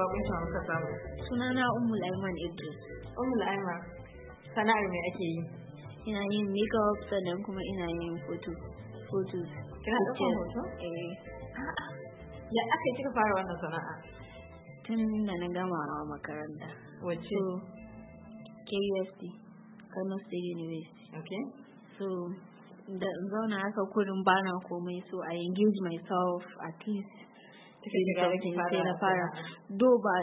bakon ta muka samu na ummul aiman idris ummul aiman sana'ar me ake yi ina yin makeup sannan kuma ina yin photo photo kina ɗaukan hoto eh ya aka kika fara wannan sana'a tun da na gama makaranta wacce KUSD Kano State University okay so da zauna haka kudin bana komai so I engage myself at least take shiga bakin na fara do ba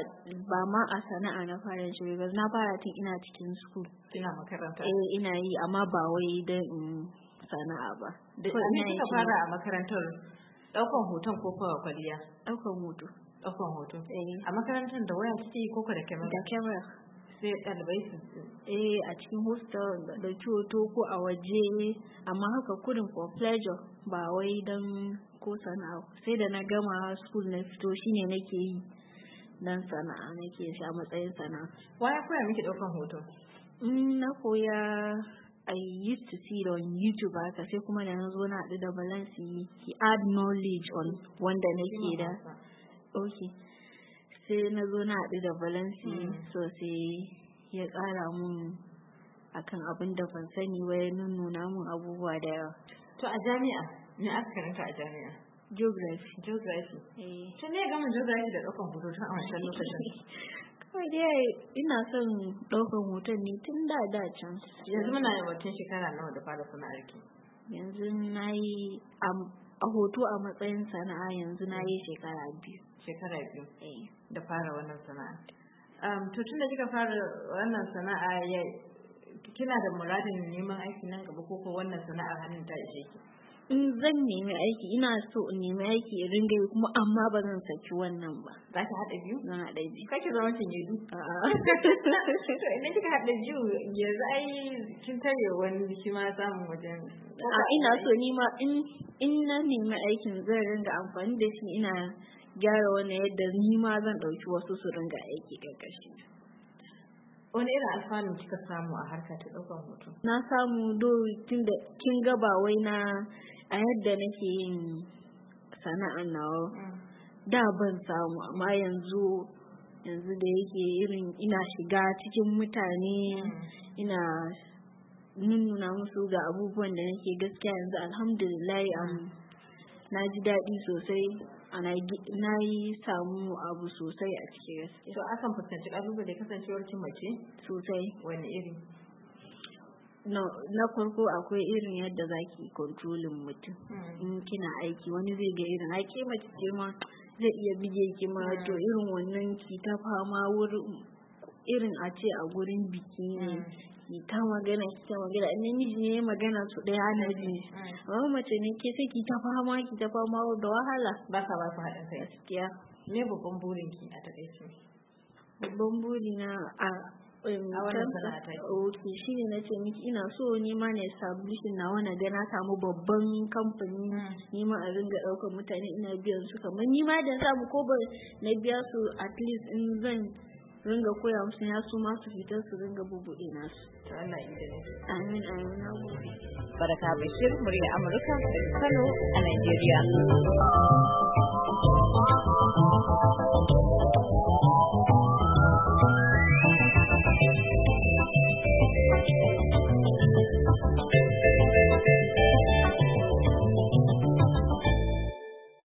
ba ma a sana'a na fara shi ba na fara tun ina cikin school ina makaranta eh ina yi amma ba wai dan sana'a ba da kika fara a makarantar daukan hoton ko kuwa kwaliya daukan hoto daukan hoto eh. a makarantar da waya kike ko da kamera da kamera sai ɗalibai su eh a cikin hostel da hoto ko a waje amma haka kudin for pleasure ba wai dan ko sana'a sai da na gama school na fito shine nake yi dan sana'a nake shi a matsayin sana'a wa ya koya miki daukan hoto mm, na koya I used to see it on YouTube haka sai kuma da nazo zo na haɗu da balance he add knowledge on wanda nake da okay sai na zo na haɗu da balance mm. so sai ya ƙara mun akan abin da ban sani wai nuna mun abubuwa da yawa to a jami'a Ni aka karanta a jami'a? Geography. Geography. Eh. Tun ne gama geography da ɗaukan hoto tun a wancan lokacin. Kawai dai ina son ɗaukan hoton ne tun da da can. Yanzu muna yin watan shekara nawa da fara sana'a ki. Yanzu na yi a hoto a matsayin sana'a yanzu na yi shekara biyu. Shekara biyu. Eh. Da fara wannan sana'a. Um, to tun da kika fara wannan sana'a ya kina da muradin neman aiki nan gaba ko ko wannan sana'a hannun ta ishe ki in zan nemi aiki ina so in nemi aiki in ringa yi kuma amma ba zan saki wannan ba za ka haɗa biyu zan haɗa biyu kake zama kin yi to idan kika haɗa biyu yanzu ai kin tare wani biki ma samun wajen a ina so ni ma in in na nemi aikin zan ringa amfani da shi ina gyara wani yadda ni ma zan ɗauki wasu su ringa aiki ƙarƙashin? wani irin alfanu kika samu a harka ta ɗaukar hoto na samu do tun kin ga ba wai na a yadda nake yin sana'an nawa mm. da ban samu amma yanzu yanzu da yake irin ina shiga cikin mutane mm. ina nuna musu ga abubuwan da nake gaskiya yanzu alhamdulillah mm. na ji daɗi sosai na yi samu abu sosai a cikin gaskiya. To akan fuskanci ƙalubale kasancewar cin mace? Sosai. Wani iri? na farko akwai irin yadda za ki kontrolin mutum hmm. in kina aiki wani zai ga irin aiki mace ce ma zai iya bige ki ma hmm. to irin wannan ki ta fama wurin irin a ce a gurin biki ne hmm. ki ta magana ki ta magana ne miji ne magana su ɗaya ana ji amma mace ne ke sai ki ta fama ki ta fama da wahala ba ka ba ku haɗin kai cikiya me babban burin ki a taƙaice babban burina a Um, okay shi ne na ce miki ina so ni ma na establishin na wani ga na samu babban kamfani hmm. ni ma a ringa ɗaukar mutane ina biyan su kamar ni ma da samu ko ba na biya su at least in zan ringa koya musu ya su ma su fitar su ringa bubuɗe su. Amin amin na Baraka Bashir, murya Amurka, Kano a Najeriya.